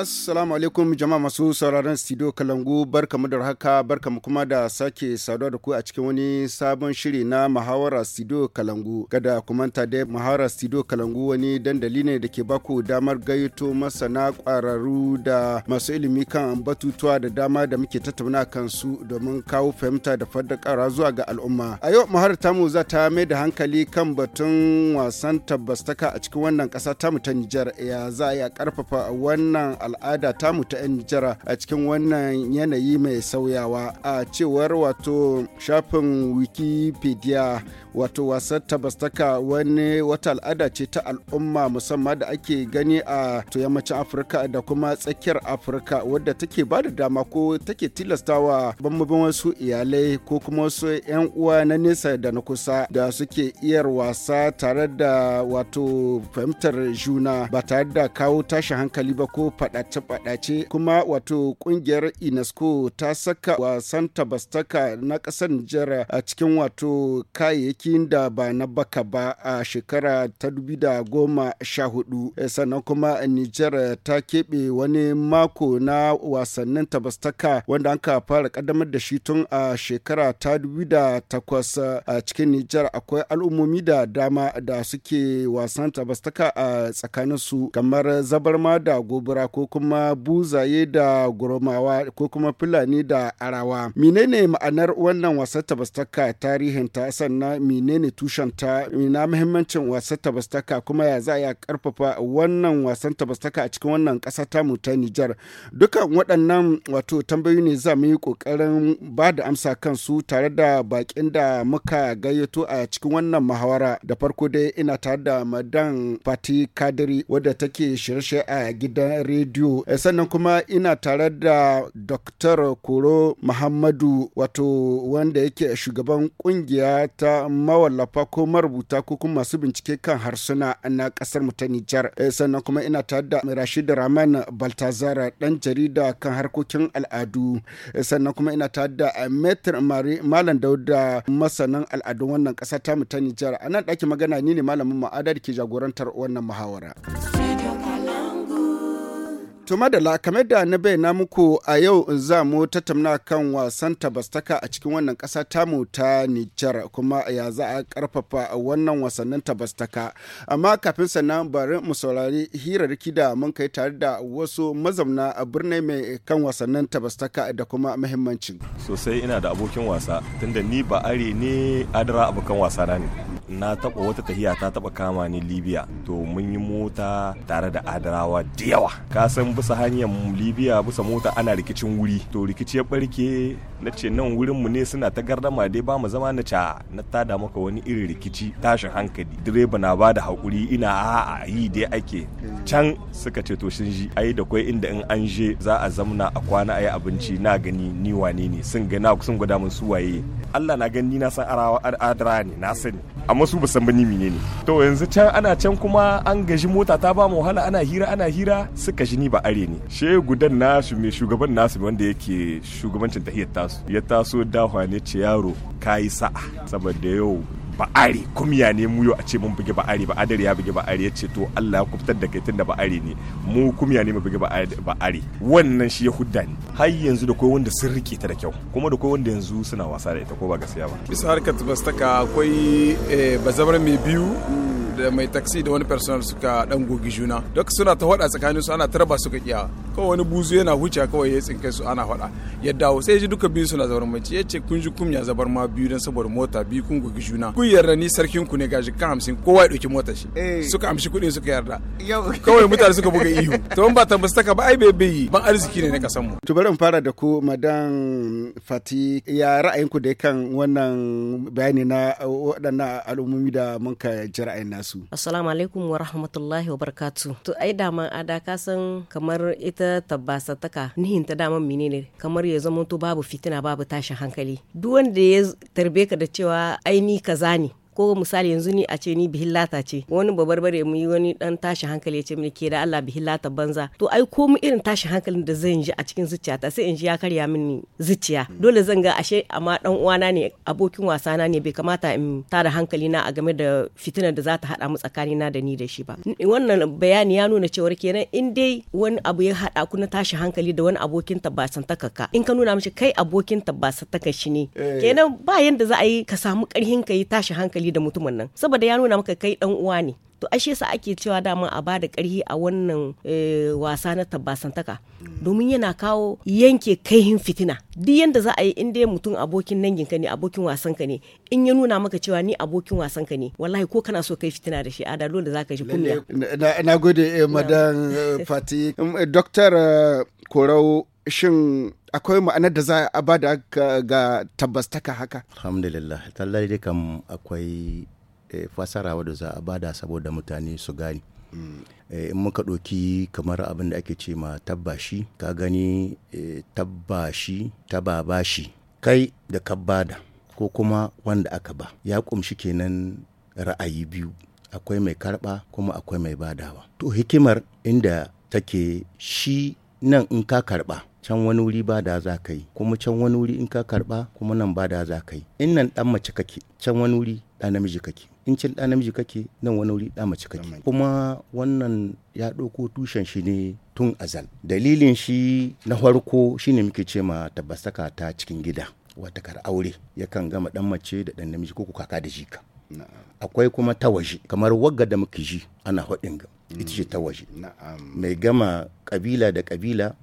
assalamu alaikum jama'a masu sauraron studio kalangu barkamu da haka barka mu kuma da sake saduwa da ku a cikin wani sabon shiri na muhawara studio kalangu kada kumanta da muhawara studio kalangu wani dandali ne da ke baku damar gayyato masana kwararru da masu ilimi kan batutuwa da dama da muke tattauna kan su domin kawo fahimta da faɗaƙara zuwa ga al'umma a yau muhawar tamu za ta mai da hankali kan batun wasan tabbastaka a cikin wannan kasa tamu ta Nijar ya za a karfafa wannan al'ada tamu ta 'yan jira a cikin wannan yanayi mai sauyawa a cewar wato shafin wikipedia wato wasan tabastaka wani wata al'ada ce ta al'umma musamman da ake gani a yammacin afirka da kuma tsakiyar afirka wadda take ba da dama ko take tilastawa bambamin wasu iyalai ko kuma wasu 'yan uwa na nesa da na kusa da suke iyar wasa tare da wato fahimtar juna ba tare da kawo tashin hankali ba ko faɗa faɗace kuma wato ƙungiyar UNESCO ta saka wasan tabastaka na ƙasar Nijar a cikin wato kayayyakin da ba na baka ba a shekara ta goma sha hudu eh, sannan kuma Nijar ta keɓe wani mako na wasannin tabastaka wanda an ka fara ƙaddamar da shi tun a shekara ta takwas a cikin Nijar akwai al'ummomi da dama da suke wasan tabastaka a tsakaninsu kamar zabarma da gobara ko kuma buzaye da gurmawa ko kuma fulani da arawa menene ma'anar wannan wasan tabastaka tarihinta sannan menene ta na muhimmancin wasar tabastaka kuma ya za a karfafa wannan wasan tabastaka a cikin wannan ƙasa tamu ta Nijar dukan waɗannan wato tambayoyi ne za mu yi ƙoƙarin ba da amsa kan su tare da baƙin da muka gayyato a cikin wannan muhawara da farko dai ina tare da madan fati kadiri wadda take shirye a gidan rediyo rediyo eh, sannan kuma ina tare da dr koro muhammadu wato wanda yake shugaban kungiya ta mawallafa ko marubuta ko kuma masu bincike kan harsuna na kasar mu ta nijar eh, sannan kuma ina tare da rashid rahman baltazara dan jarida kan harkokin al'adu eh, sannan kuma ina tare da metr mari malam dauda masanin al'adun wannan kasa ta mu ta nijar a nan ɗakin magana ni ne malamin ma'ada da ke jagorantar wannan muhawara. To madala kamar da na bayyana muku a yau za mu tattauna kan wasan tabastaka a cikin wannan ƙasa tamu ta Nijar kuma ya za a ƙarfafa wannan wasannin tabastaka. Amma kafin sannan bari mu saurari hirarki da mun kai tare da wasu mazauna a birni mai kan wasannin tabastaka da kuma muhimmancin. Sosai ina da abokin wasa tunda ni ba are ne adara abokan wasa ne. na taba wata tahiya ta taba kama ni libya to mun yi mota tare da adarawa da yawa ka san bisa hanyar libya bisa mota ana rikicin wuri to rikici ya barke na ce nan wurin mu ne suna ta gardama dai ba mu zama na ca na tada maka wani irin rikici tashin hankali direba na ba da hakuri ina a yi dai ake can suka ce to sun ji ai da kwai inda in an je za a zamna a kwana ayi abinci na gani ni wane ne sun ga na sun gwada mun su waye Allah na gani na san adara ne na sani amma su ba san ba ni menene to yanzu can ana can kuma an gaji mota ta ba mu wahala ana hira ana hira suka shi ni ba are ne she gudan nasu mai shugaban nasu wanda yake shugabancin tahiyar tasu ya taso dahwa ne ce yaro kayi sa'a saboda yau ba'ari kumya ne mu yau a ce mun bugi ba'ari ba adar ya bugi ba'ari ya ce to Allah ya kubtar da kai tunda ba'ari ne mu kumya ne mu bugi ba'ari wannan shi ya hudda ne har yanzu da kai wanda sun rike ta da kyau kuma da kai wanda yanzu suna wasa da ita ko ba gaskiya ba bisa harkar tubastaka akwai eh, bazamar mai biyu da mai taksi da wani personal suka dan gogi juna duk suna ta hada tsakanin su ana tarba suka kiya kawai wani buzu yana huce kawai ya tsinke su ana hada ya dawo sai ji duka biyu suna zabar mace yace kun ji kumya zabar ma biyu dan saboda mota biyu kun gogi juna kun yarda ni sarkin ku ne gashi kan hamsin kowa ya ɗauki motar shi eh. suka amshi kuɗin suka yarda kawai mutane suka buga ihu to in ba ta taka ba ai bai bai ban arziki ne na kasan mu to bari mu fara da ku madan fati ya ku da kan wannan bayani na waɗannan al'ummomi da mun ka ji ra'ayin nasu assalamu alaikum wa rahmatullahi wa barakatu to ai dama ada ka san kamar ita tabbasa taka nihin ta daman menene kamar ya zama to babu fitina babu tashin hankali duk wanda ya tarbe ka da cewa ni kaza ko misali yanzu ni a ce ni bihillata ce wani babarbare mu yi wani dan tashi hankali ya ce mini ke da Allah bihillata banza to ai ko mu irin tashi hankalin da zan ji a cikin zuciyata sai in ji ya karya mini zuciya dole zan ga ashe amma dan uwana ne abokin wasana ne bai kamata in tara hankali na a game da fitinar da za ta hada mu tsakani na da ni da shi ba wannan bayani ya nuna cewa kenan in dai wani abu ya hada ku na tashi hankali da wani abokin tabbasan takaka in ka nuna mishi kai abokin tabbasan taka shi ne eh. kenan ba yanda za a yi ka samu karhin ka yi tashi hankali da mutumin nan saboda ya nuna maka kai dan uwa ne to ashe sa ake cewa dama a bada karhi a wannan eh, wasa na tabbasantaka domin yana kawo yanke kaihin fitina duk yanda za a yi inda mutum abokin nangin ka ne abokin wasan ka ne in ya nuna maka cewa ni abokin wasan ka ne wallahi ko kana so kai fitina da shi a da da zaka shi kunya na gode eh, madan eh, fati um, doctor korau shin akwai ma'anar da za a bada ga tabbastaka haka alhamdulillah tallari dai kam akwai Eh, Fasara wadda za a bada saboda mutane su gani mm. eh, in muka ɗoki kamar abin da ake ce ma tabbashi ka gani eh, tabbashi tababashi kai da ka bada ko kuma wanda aka ba ya kumshi kenan ra'ayi biyu akwai mai karɓa kuma akwai mai badawa to hikimar inda take shi nan in ka karɓa can wani wuri ba da za ka yi kuma can wani wuri in ka karba kuma nan ba da za ka yi in nan dan mace kake can wani wuri dan namiji kake in cin ɗa namiji kake nan wani wuri ɗa mace kake kuma wannan ya ɗauko tushen shi ne tun azal dalilin shi na farko shine muke ce ma tabbasaka ta cikin gida wata kar aure yakan gama ɗan mace da ɗan namiji ko kaka da jika akwai kuma ta kamar wagga da muke ji ana haɗin ga ita ce ta mai gama kabila da kabila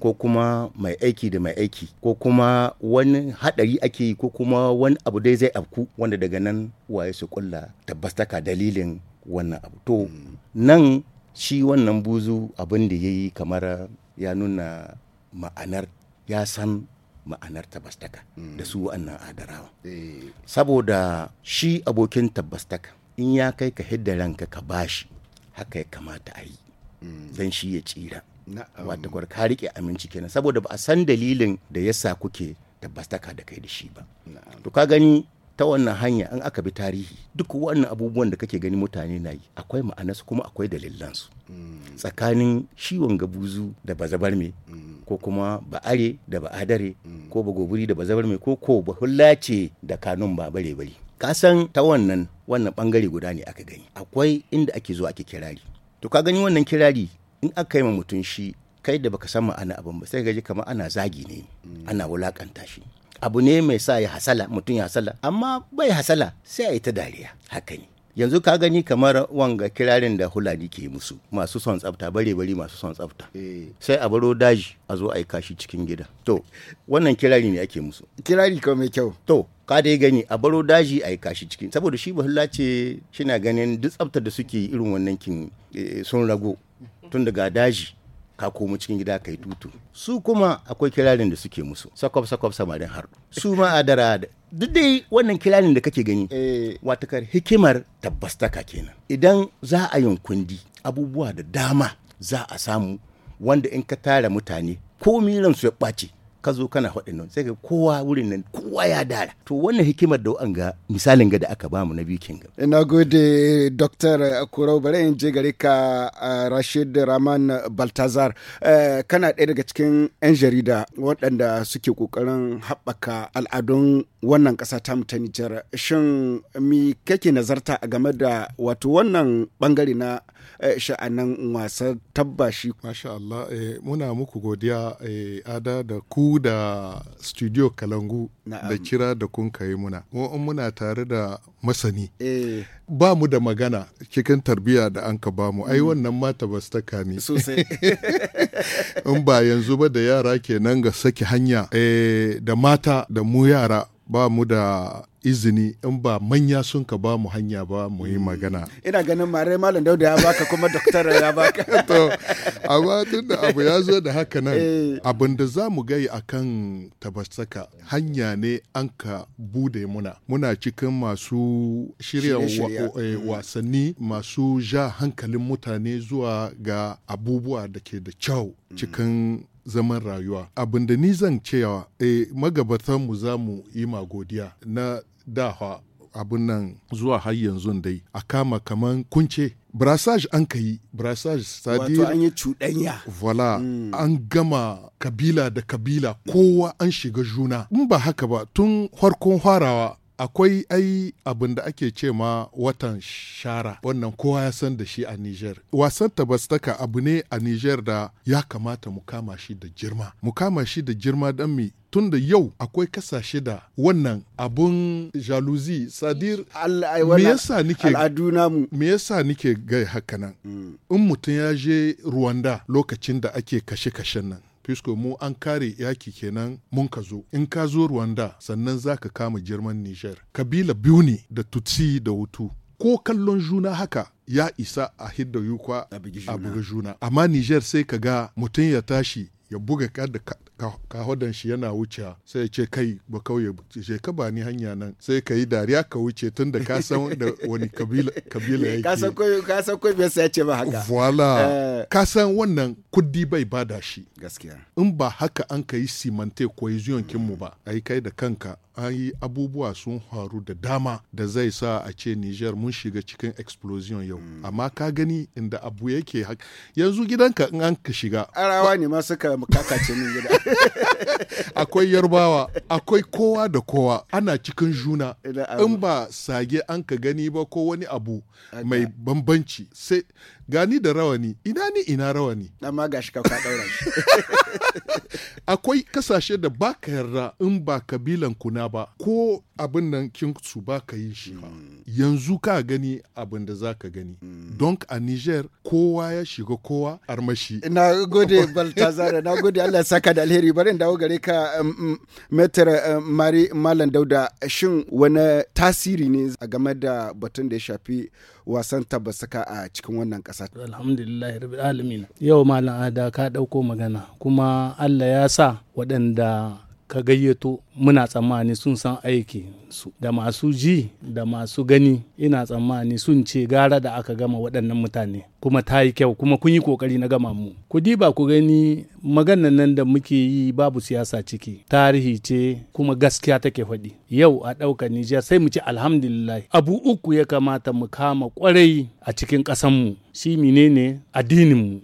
ko kuma mai aiki da mai aiki ko kuma wani hadari ake yi ko kuma wani abu dai zai afku wanda daga nan waye su kulla tabbastaka dalilin wannan abu to hmm. nan shi wannan buzu abin da ya yi kamar ya nuna ma'anar ya san ma'anar tabbastaka hmm. da su wannan adarawa eh. saboda shi abokin tabbastaka in ya kai ka hidda ranka ka bashi haka ya kamata a yi hmm. don shi ya tsira wata um, gwar ka rike aminci kenan saboda ba a san dalilin da yasa kuke tabbastaka da kai da shi ba to ka gani ta wannan hanya in aka bi tarihi duk wannan abubuwan da kake gani mutane na yi akwai ma'anarsu kuma akwai dalilansu mm. tsakanin ciwon gabuzu da bazabarme mm. ko kuma ba'are da ba'adare mm. ko goburi da bazabarme ko ko bahullace da kanun ba bare bare ka san ta wannan wannan bangare guda ne aka gani akwai inda ake zuwa ake kirari to ka gani wannan kirari in aka yi ma mutum shi kai da baka san ma'ana abin ba sai gaji kamar ana zagi ne ana wulakanta shi abu ne mai sa ya hasala mutum ya hasala amma bai hasala sai a yi ta dariya haka ne yanzu ka gani kamar wanga kirarin da hulani ke musu masu son tsafta bare bari masu son tsafta eh. sai a baro daji a zo a yi kashi cikin gida to wannan kirari ne ake musu kirari kawai mai kyau to ka dai gani a baro daji a yi kashi cikin saboda shi bahulla ce shina ganin duk tsafta da suke irin wannan kin eh, sun rago tun daga daji ka komo cikin gida kai tutu su kuma akwai kirarin da suke musu sakwab sakwab samarin har su ma a dara duk dai wannan kirarin da kake gani eh. watakar hikimar tabbastaka kenan idan za a yin kundi abubuwa da dama za a samu wanda in ka tara mutane ko miransu ya ɓace ka zo kana faɗin nan sai ga kowa wurin nan kowa ya dara to wannan hikimar da an ga misalin ga da aka ba mu na bikin kinga ina gode dr kurau bare in je gare ka rashid raman baltazar eh, kana ɗaya daga cikin 'yan jarida waɗanda suke ƙoƙarin haɓaka al'adun wannan ƙasa ta mu ta nijar shin mi kake nazarta game da wato wannan ɓangare na Eh, sha'anan wasan tabbashi. Masha Allah eh, muna muku godiya eh, ada da ku da studio Kalangu da kira da kun kai muna. muna tare da masani. Ba mu da magana cikin tarbiyya da an ka bamu ai mm. wannan mata ba su taka Sosai. In ba yanzu ba da yara kenan ga saki hanya da mata da mu yara ba mu da izini in ba manya sun ka ba mu hanya ba mu yi mm. magana. Ina ganin mare malam dauda ya baka kuma doktor ya baka. to, amma tun da abu ya zo da haka nan eh. abin da za mu gai akan tabasaka hanya ne an ka bude muna. Muna cikin masu shirya eh, mm. wasanni masu ja hankalin mutane zuwa ga abubuwa da ke da kyau mm. cikin zaman rayuwa abin ni zan cewa e, eh, magabatanmu za mu yi magodiya na da abin nan zuwa har yanzu dai a kama kaman kunce brassage an ka yi brassage wato an yi cuɗanya voila mm. an gama kabila da kabila kowa an shiga juna in ba haka ba tun farkon farawa akwai ai abin da ake ce ma watan shara wannan kowa ya san da shi a Niger. Wasan tabastaka abu ne a Niger da ya kamata mu kama shi da girma. Mu kama shi da girma don mi tun da yau akwai kasashe da wannan abun jaluzi sadir me yasa nike me yasa nike gai haka nan mm. in mutum ya je Rwanda lokacin da ake kashe-kashen nan fisko mu an kare yaki kenan mun ka zo in ka zo rwanda sannan za ka kama jirman niger kabila biyu ne da tutsi da hutu ko kallon juna haka ya isa a hidda yukwa a buga juna amma niger sai ka ga mutum ya tashi ya buga ka kahodan shi yana wuce sai ce kai ba kauye ce ka ba ni hanya nan sai ka yi dariya ka wuce tun da ka san da wani kabila yake ka san koyo ka san koyo sai ce ba haka voila eh. ka san wannan kuddi bai bada shi gaskiya in ba haka an ka yi simante cohesion kin mu ba ai kai da kanka ayi abubuwa sun faru da dama da zai sa a ce Niger mun shiga cikin explosion yau. Hmm. Amma ka gani inda abu yake yanzu gidanka in an ka shiga. Arawa ne ma suka kakace min gida. akwai yarbawa akwai kowa da kowa ana cikin juna in ba sage an ka gani ba ko wani abu mai bambanci sai gani da rawani ina ni ina rawani amma shi ka daura shi akwai kasashe da ba ka yarda in ba kabilan kuna ba ko abin nan kin su ba ka yi shi hmm. yanzu ka gani abin da za ka gani hmm. don a niger kowa ya shiga kowa armashi na gode baltazara na gode allah saka da alheri barin da dawo gare ka um, um, metar um, mari malam dauda shin wani tasiri ne a game da batun da ya shafi wasan tabbasaka a cikin wannan kasa alhamdulillah rabbil alamin yau malam ada ka ɗauko magana kuma allah ya sa waɗanda ka gayyato muna tsammani sun san aiki su da masu ji da masu gani ina tsammani sun ce gara da aka gama waɗannan mutane kuma ta yi kyau kuma kun yi kokari na gama mu ku ba ku gani maganan nan da muke yi babu siyasa ciki tarihi ce kuma gaskiya take faɗi yau a ɗauka Nijar sai mu ci alhamdulillah abu uku ya kamata mu kama kwarai a cikin ƙasanmu shi menene addininmu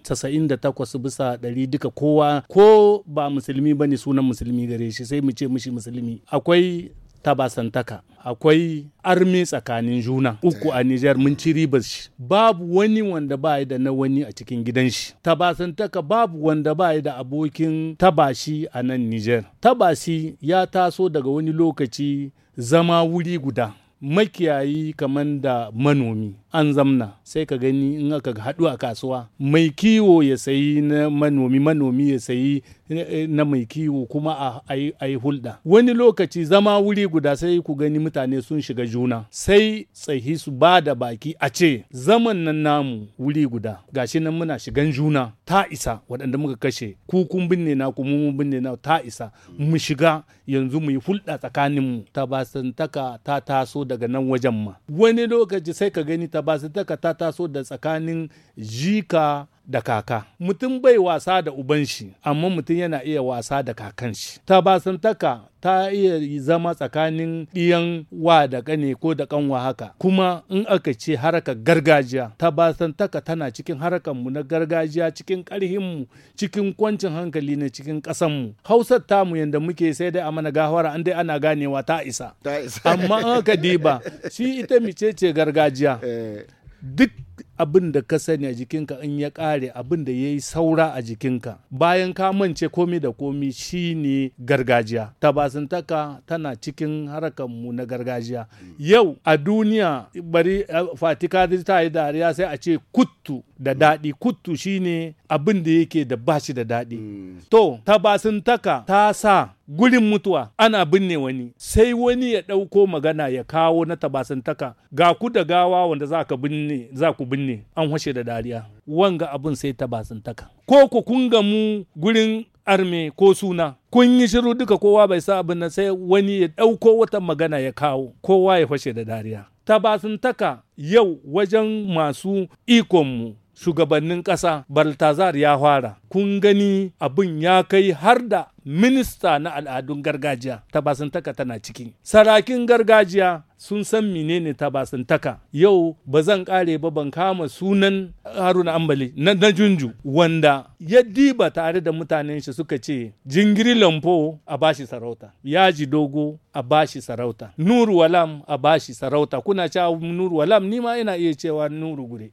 takwas bisa ɗari duka kowa ko ba musulmi ba ne sunan musulmi gare shi sai mu ce mishi musulmi akwai tabasantaka akwai armi tsakanin juna uku a Nijar mun ci ribar babu wani wanda ba da na wani a cikin gidan shi tabasantaka babu wanda ba da abokin tabashi a nan Nijar tabashi ya taso daga wani lokaci zama wuri guda makiyayi kaman da manomi an zamna sai ka gani in aka haɗu a kasuwa mai kiwo ya sayi na manomi manomi ya sayi Eh, na mai kiwo kuma a yi hulɗa wani lokaci zama wuri guda sai ku gani mutane sun shiga juna sai tsahi su ba da baki a ce zaman nan namu wuri guda gashi nan muna shigan juna ta isa waɗanda muka kashe ku kun binne na ku mun binne na ta isa mu shiga yanzu mu yi hulɗa tsakaninmu tabasantaka ta taso daga nan wajen ma wani lokaci sai ka gani tabasantaka ta taso da tsakanin jika da kaka mutum bai wasa da uban shi amma mutum yana iya wasa da kakan shi tabasantaka ta iya zama tsakanin ɗiyan wa da ƙane ko da ƙanwa haka kuma in aka ce haraka gargajiya tabasantaka tana cikin harkar mu na gargajiya cikin ƙarhinmu cikin kwancin hankali na cikin ƙasanmu hausar tamu yadda muke sai dai a mana gahwara an dai ana ganewa ta isa amma in aka diba shi ita mice ce gargajiya eh. duk abin da ka sani a jikinka in ya ƙare abin da ya yi saura a jikinka bayan ka mance komi da komi shine gargajiya tabasintaka tana cikin mu na gargajiya yau a duniya bari fatika ta yi dariya sai a ce kuttu da daɗi kuttu shine abin da yake da bashi da daɗi mm. to tabasintaka ta sa gurin mutuwa ana binne wani sai wani ya ɗauko magana ya kawo na tabasantaka ga ku da gawa wanda za ka binne za ku bin binne an hashe da dariya wanga abun sai ta taka. ko ku kun gamu gurin arme ko suna kun yi shiru duka kowa bai sa abin nan sai wani ya ɗauko wata magana ya kawo kowa ya fashe da dariya ta taka yau wajen masu ikonmu shugabannin ƙasa baltazar ya fara kun gani abin ya kai har da minista na al'adun gargajiya tabasantaka tana ciki sarakin gargajiya sun san menene tabasantaka yau ba zan kare ba ban kama sunan haruna ambali na, na junju wanda ya diba tare da mutanen shi suka ce jingiri lampo a bashi sarauta yaji dogo a bashi sarauta nuru walam a bashi sarauta kuna cewa nuru walam ni ma ina iya cewa nuru gure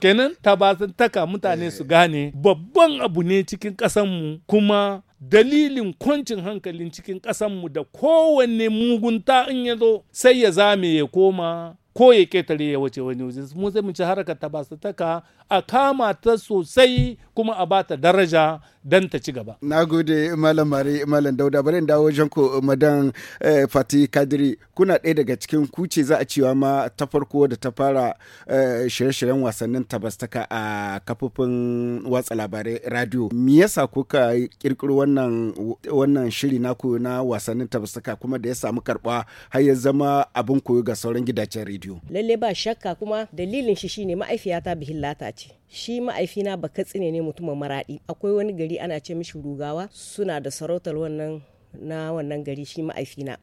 kenan tabasantaka mutane su gane babban abu ne cikin ƙasanmu kuma dalilin kwancin hankalin cikin ƙasanmu da kowanne mugunta in ya zo sai ya zame ya koma ko ya ketare ya wace wani waje mu zai mu ci harkar ta ba su taka a kama ta sosai kuma a bata daraja don ta ci gaba. Na gode Malam Mari Malam Dauda bari dawo wajen ku eh, madan eh, Fati Kadiri kuna ɗaya daga cikin kuce za a cewa ma ta farko da ta fara eh, shirye-shiryen wasannin tabastaka a kafofin watsa labarai radio. Me yasa kuka kirkiro wannan wannan shiri na naku na wasannin tabastaka kuma da ya samu karɓa har ya zama abin koyo ga sauran gidajen radio. Lalle ba shakka kuma dalilin shi shine ma'aifiyata bihillata ce shi ma'aifina ba katsine ne mutumin maraɗi akwai wani gari ana ce mishi rugawa suna da sarautar wannan na wannan gari shi ma'aifina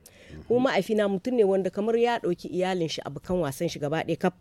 ko ma'aifina mutum ne wanda kamar ya ɗauki iyalin shi abokan wasan shi gaba ɗaya kaf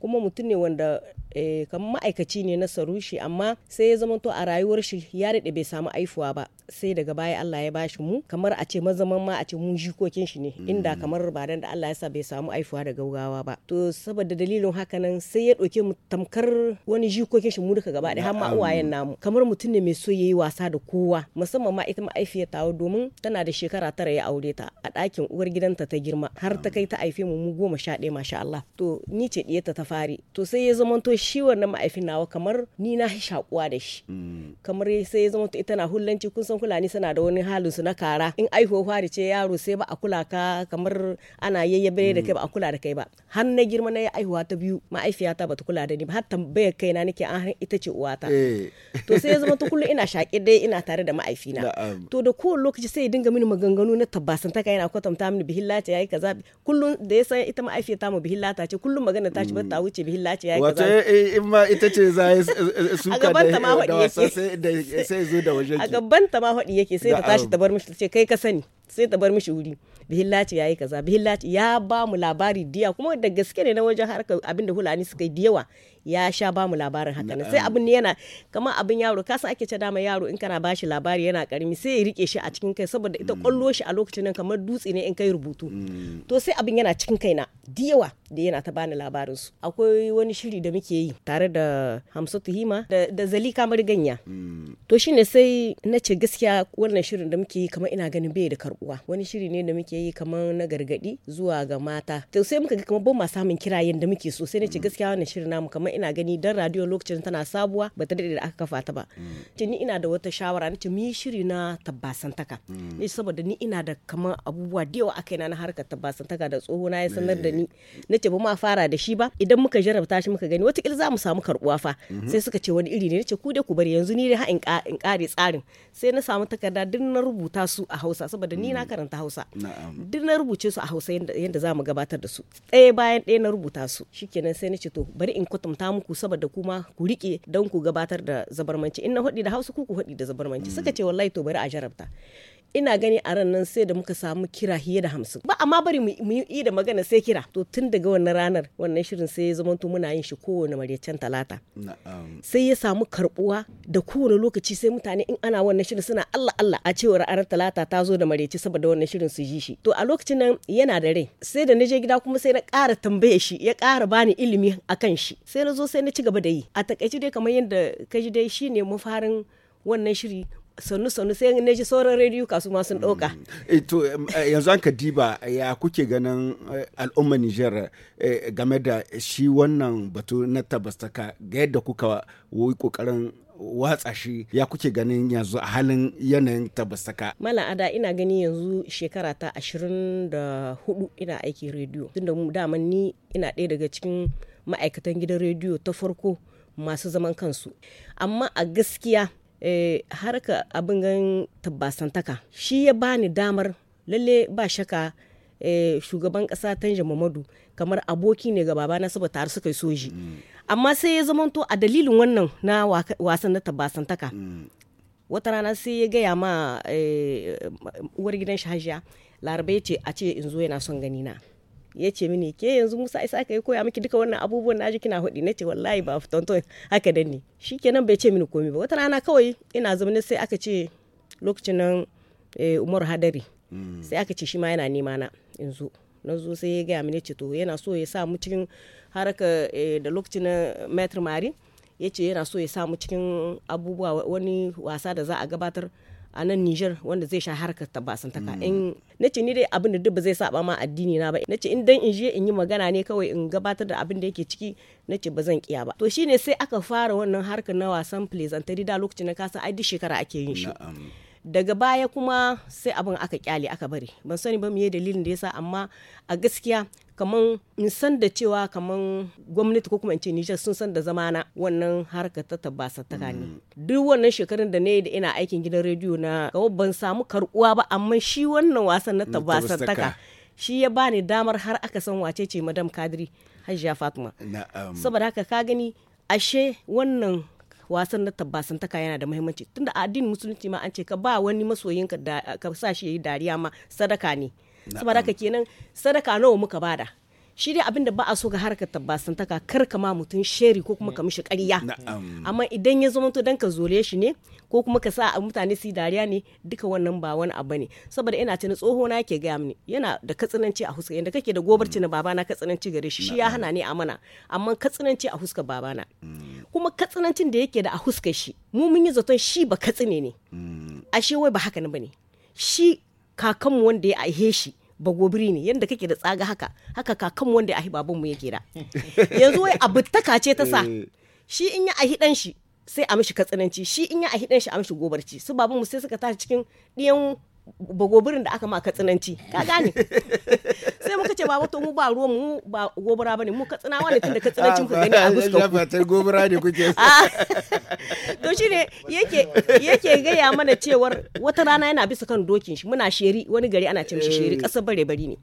kuma mutum ne wanda eh, kamar ma'aikaci ne na sarushi amma sai ya zama a rayuwar shi ya daɗe bai samu aifuwa ba sai daga baya Allah ya bashi mu kamar a ce mazaman ma a ce mun jikokin shi ne inda mm. kamar ba da Allah ya sa bai samu aifuwa da gaugawa ba to saboda dalilin haka nan sai ya ɗauke mu tamkar wani jikokin shi mu duka gaba ɗaya har ma uwayen namu kamar mutum ne mai so ya yi wasa da kowa musamman ma ita ma'aifiyar tawo domin tana da shekara tara ya aure ta a ɗaki ɗakin uwar gidanta ta girma har ta kai ta haife mu mu goma sha ɗaya masha Allah to ni ce ɗiyarta ta fari to sai ya zama to shi wannan ma'aifin nawa kamar ni na shakuwa da shi mm. kamar sai ya zama to ita na hullanci kun san kulani sana da wani halin su na kara in aihuwa fari ce yaro sai ba a kula ka kamar ana yayyabe da kai ba a kula da kai ba har na girma na aihuwa ta biyu ma'aifiyata bata kula da ni ba har ta kai na nake an ita ce uwata eh. to sai ya zama to kullum ina shaƙe dai ina tare da ma'aifina to da kowane lokaci sai ya dinga mini maganganu na tabbasan ta yana kwata kwatanta mini bihilla ce yayi kaza kullun da ya san ita ma'aifiyar ta mu bihilla ta ce kullun magana ta shi ta wuce bihilla ce yayi kaza wato eh, in ma ita ce za yi eh, eh, suka da sai zo da wajen a gaban ta ma hodi yake sai ta tashi ta bar mishi ta ce kai ka sani sai ta bar mishi wuri bihillaci yi kaza bihillaci ya ba mu labari diya kuma da gaske ne na wajen harkar abinda da hulani suka yi da yawa ya sha ba mu labarin haka sai abin ne yana kamar abin yaro ka san ake ce dama yaro in kana bashi labari yana karimi sai ya rike shi a cikin kai saboda ita kwallo mm. shi a lokacin nan kamar dutse ne in kai rubutu mm. to sai abin yana cikin kaina da yawa da yana ta bani labarin su akwai wani shiri da muke yi tare da Hamsatu Hima da, da kamar ganya mm. to shine sai na ce gaskiya wannan shirin da muke yi kamar ina ganin bai da karbuwa wani shiri ne da muke yi kamar na gargadi zuwa ga mata to sai muka ga kamar ban ma samun kirayen da muke so sai na ce mm. gaskiya wannan shirin namu kamar ina gani dan radio lokacin tana sabuwa bata daɗe da aka kafa ta ba mm. ce ni ina da wata shawara na ce mu yi shiri na tabbasantaka ni saboda ni ina da kamar abubuwa da yawa akai na harkar tabbasantaka da tsoho na ya sanar da eh. ni na ce ba ma fara da shi ba idan muka jarabta shi muka gani wataƙila za mu samu karɓuwa fa mhm. sai suka ce wani iri ne nace ku dai ku bari yanzu ni dai ha in ƙare tsarin sai na samu takarda duk na rubuta su a Hausa saboda ni na mm. karanta Hausa duk na rubuce su a Hausa yadda za mu gabatar da su ɗaya bayan ɗaya na rubuta su shikenan sai na ce to bari in kwatanta muku saboda kuma ku riƙe don ku gabatar da zabarmanci in na haɗi da Hausa ku ku haɗi da zabarmanci mm. suka ce wallahi to bari a jarabta ina gani a ran nan sai da muka samu kira fiye da hamsin ba amma bari mu yi da magana sai kira to tun daga wannan ranar wannan shirin sai ya zamanto muna yin shi kowane maraicen talata sai ya samu karbuwa da kowane lokaci sai mutane in ana wannan shirin suna Allah Allah a cewar ranar talata ta zo da maraice saboda wannan shirin su ji shi to a lokacin nan yana da rai sai da na je gida kuma sai na kara tambaye shi ya kara bani ilimi akan shi sai na zo sai na ci gaba da yi a takaice dai kamar yadda ka ji dai shine mafarin wannan shiri sannu sannu sai na ji sauran rediyo kasu ma sun ɗauka. Mm. Eh, to eh, yanzu an ka diba ya kuke ganin eh, al'ummar Nijar game da shi wannan batu na tabastaka ga yadda kuka wuyi kokarin watsa shi ya kuke ganin yanzu a halin yanayin tabastaka. Mala ada ina gani yanzu shekara ta ashirin da hudu ina aiki rediyo tunda daman ni ina ɗaya daga cikin ma'aikatan gidan rediyo ta farko masu zaman kansu amma a gaskiya Eh, ka abin gan tabbasantaka shi ya bani damar lalle ba shaka eh, shugaban kasa tanja mamadu kamar aboki ne ga babana saboda har suka yi soji mm. amma sai ya zamanto a dalilin wannan na wasan na tabbasantaka mm. wata rana sai ya gaya ma eh, uwar gidan shahajiya larabai ce a ce in zo yana son ganina. na ya ce mini ke yanzu musa isa ka yi koya miki duka wannan abubuwan na ji kina hudi na ce wallahi ba tonton haka da ni shikenan bai ce mini komi ba wata rana kawai ina zaune sai aka ce lokacin nan eh, umar hadari mm. sai aka ce shi ma yana nema na in zo na zo sai ya gaya mini ce to yana so ya sa mu cikin haraka eh, da lokacin na metri mari ya ce yana so ya sa mu cikin abubuwa wani wasa da za a gabatar a nan Niger wanda zai sha harkar ta basantaka in nace ni dai abin da duk ba zai saba ma addini na ba nace in dan in je in yi magana ne kawai in gabatar da abin da yake ciki nace ba zan kiya ba to shine sai aka fara wannan harkar na wasan plezantari da lokacin na kasa ai duk shekara ake yin shi daga baya kuma sai abin aka kyale aka bari ban sani ba me dalilin da yasa amma a gaskiya kamar in san da cewa kaman gwamnati ko kuma in ce Nijar sun san da zamana wannan harka ta tabbasa ta gani mm. duk wannan shekarun da ne da ina aikin gidan rediyo na kawo ban samu karuwa ba amma shi wannan wasan na tabbasa ta shi ya bani damar har aka san wace ce madam kadiri hajiya fatima saboda haka ka gani ashe wannan wasan na tabbasan taka yana da muhimmanci tunda addinin musulunci ma an ce ka ba wani masoyinka da ka sa shi yi dariya ma sadaka ne saboda haka kenan sadaka nawa muka bada shi dai abinda ba a so ga harkar tabbasantaka kar ka ma mutum sheri ko kuma ka mishi ƙarya amma idan ya zama to dan ka zole shi ne ko kuma ka sa mutane su dariya ne duka wannan ba wani abu ne saboda ina tuni tsoho na yake gaya mini yana da katsinanci a huska yanda kake da gobarci na babana katsinanci gare shi shi ya hana a mana amma katsinanci a huska babana mm. kuma katsinancin da yake da a huska shi mu mun yi zaton shi ba katsine ne mm. ashe wai ba haka ne shi kakanmu wanda ya aihe shi ba gobiri ne yadda kake da tsaga haka haka kakanmu wanda ya aihe babanmu ya da yanzu wai abu ta ce ta sa eh. shi in ya aihi dan shi sai a mishi katsananci shi in ya aihi dan shi a mishi gobarci su babanmu sai suka tashi cikin ɗiyan bagobirin da aka ma katsinanci ka gane sai muka ce baba to mu ba ruwan mu ba gobara bane mu katsinawa ne tunda ah, katsinancin ku gani a guska ku ta gobira ne kuke ah. to shine yake yake gaya mana cewar wata rana yana bisa kan dokin shi muna sheri wani gari ana ce shi eh. sheri kasa bare bari ne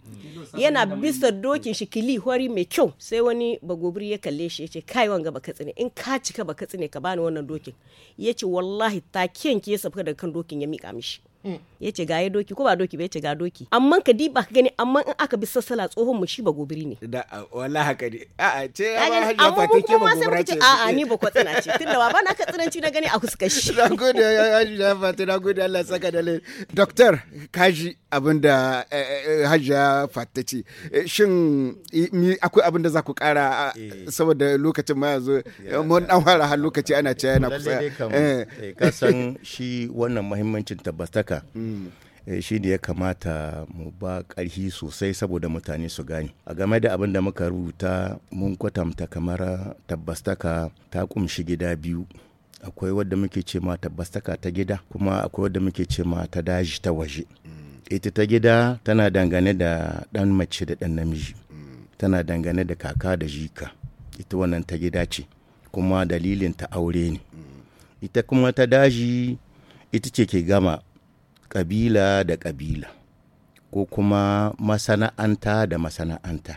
yana bisa dokin shi kili hori mai kyau sai wani bagobiri ya kalle shi yace kai wanga baka tsine in ka cika baka tsine ka bani wannan dokin yace wallahi ta kiyanke sa daga kan dokin ya mika mishi Mm. ya ce ga ya doki ko ba doki ba ya ce ga doki amma ka diba ka gani amma in aka bi sassala tsohon mu shi ba gobiri ne da wallahi haka ne a a ce ba hajiya ke ba gobira ce a a ni ba kwatsina ce tunda ba na ka tsananci na gani a fuskar shi na gode ya fata na gode Allah saka da lai doctor kaji abinda eh, eh, eh, hajiya fata ce shin akwai abinda za ku kara saboda lokacin ma yanzu mun dan fara har lokaci ana ce yana kusa eh kasan shi wannan muhimmancin tabbata haka eh, shi ne ya kamata mu ba ƙarfi sosai saboda mutane su gane a game da abin da muka rubuta mun kwatanta kamar tabbastaka ta kumshi gida biyu akwai wadda muke ce ma tabbastaka ta gida kuma akwai wadda muke ce ma ta daji ta waje ita ta gida tana dangane da ɗan mace da ɗan namiji tana dangane da kaka da jika ita wannan ta gida ce kuma dalilin ta aure ne ita kuma ta daji ita ce ke gama kabila da kabila ko kuma masana'anta da masana'anta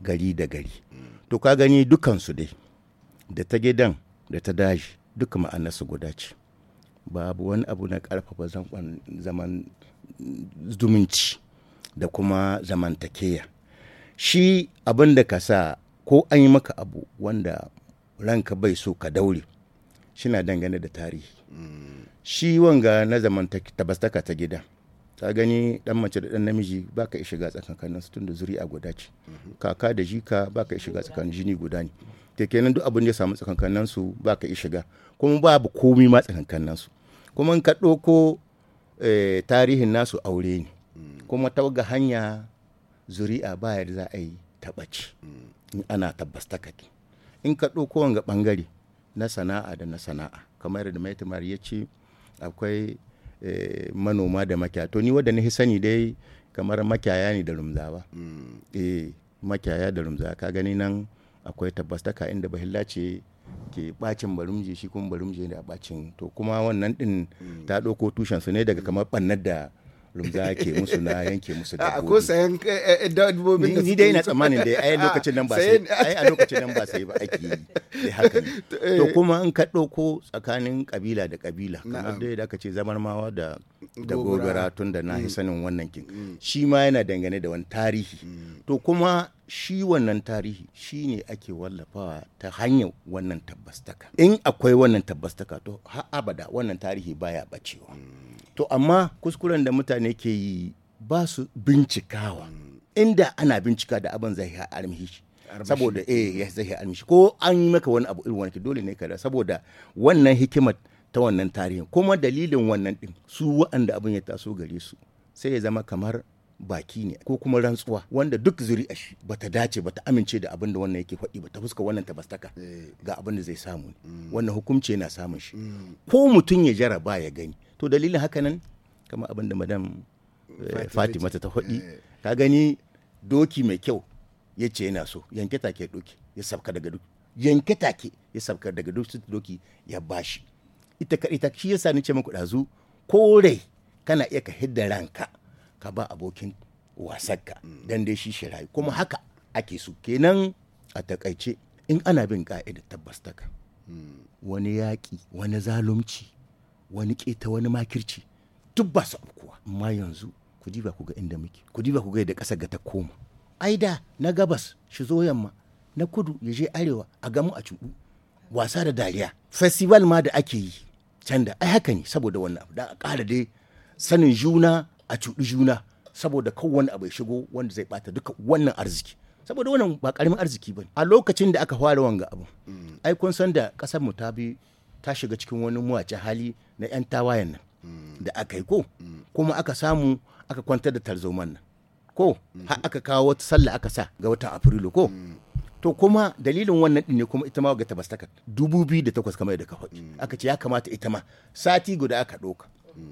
gari da gari to ka gani dukansu dai da ta gidan da ta daji duka ma'anarsu guda ce babu wani abu na karfafa zaman zumunci da kuma zamantakeya shi abin da ka sa ko an yi maka abu wanda ranka bai so ka daure shi na dangane da tarihi mm. shi wanga na zaman tabastaka ta gida ta gani dan mace da dan namiji baka iya shiga tsakankanin su da zuri a guda ce mhm. kaka da jika baka iya shiga tsakanin jini guda ne te kenan duk abin da ya samu tsakankanin su baka iya shiga kuma babu komi ma tsakankanin su kuma in ka ɗauko eh, tarihin nasu aure ne mm. kuma ta waga hanya zuri'a baya da za a yi taɓaci mm. in ana tabbas takaki in ka ɗauko wanga ɓangare na sana'a da na sana'a kamar da maitimar ya ce akwai eh, manoma da makiyaya to ni wadda ni sani dai kamar makiyaya ne da ba mm. eh makiyaya da rumza ka gani nan akwai tabbastaka inda bahilla ce ke bacin barumje shi kuma barumje ne a bacin to kuma wannan din mm. ta doko tushen su ne daga kamar bannar da lumza ke musu na yanke musu dabbobi. ko sayan eh, eh, eh, dabbobin da Ni dai ina tsammanin da ai lokacin nan ba sai ai a lokacin nan ba sai ba ake yi. haka To kuma in ka ɗauko tsakanin kabila da kabila kamar dai da ka ce mawa da da gobara tun da na mm. sanin wannan kin. Mm. Shi ma yana dangane da wani tarihi. Mm. To kuma shi wannan tarihi shi ne ake wallafawa ta hanyar wannan tabbastaka in akwai wannan tabbastaka to har abada wannan tarihi baya bacewa to amma kuskuren da mutane ke yi ba su bincikawa inda ana bincika da abin zai armihi saboda eh ya zai armishi ko an yi maka wani abu irin wani dole ne ka saboda wannan hikimar ta wannan tarihin kuma dalilin wannan din su wa'anda abin ya taso gare su sai ya zama kamar baki ne ko kuma rantsuwa wanda duk zuri'a shi ta dace ba ta amince da abin da wannan yake faɗi ba ta fuska wannan tabastaka eh. ga abin da zai samu mm. wannan hukunci yana samun shi mm. ko mutum ya jaraba ya gani to dalilin haka nan kama abinda da madam eh, fatima ta faɗi eh. ka gani doki mai kyau ya ce yana so yanke take doki ya sabka daga doki yanke take ya sabka daga doki doki ya bashi ita kaɗai ta shi yasa ni ce muku ɗazu kore kana iya ka hidda ranka ka ba abokin wasakka. Mm. dan dai shi shi rayu kuma haka ake su kenan a takaice in ana bin ka'ida tabbas taka mm. wani yaƙi wani zalunci wani keta wani makirci duk ba su abkuwa amma yanzu ku diba ku ga inda muke ku diba ku ga da ƙasar ga ta koma ai da na gabas shi zo yamma na kudu ya je arewa a gamu a cuɗu wasa da dariya festival ma da ake yi can da ai haka ne saboda wannan abu da a ƙara dai sanin juna a cuɗu juna saboda wani abu ya shigo wanda zai bata duka wannan arziki saboda wannan ba karamin arziki ba a lokacin da aka fara wanga abu ai kun san da kasar mu ta bi ta shiga cikin wani muwace hali na 'yan tawayen nan da aka yi ko kuma aka samu aka kwantar da tarzoman nan ko har aka kawo wata sallah aka sa ga watan afrilu ko to kuma dalilin wannan din ne kuma ita ma ga tabastakat dubu biyu da takwas kamar yadda ka faɗi aka ce ya kamata ita ma sati guda aka ɗauka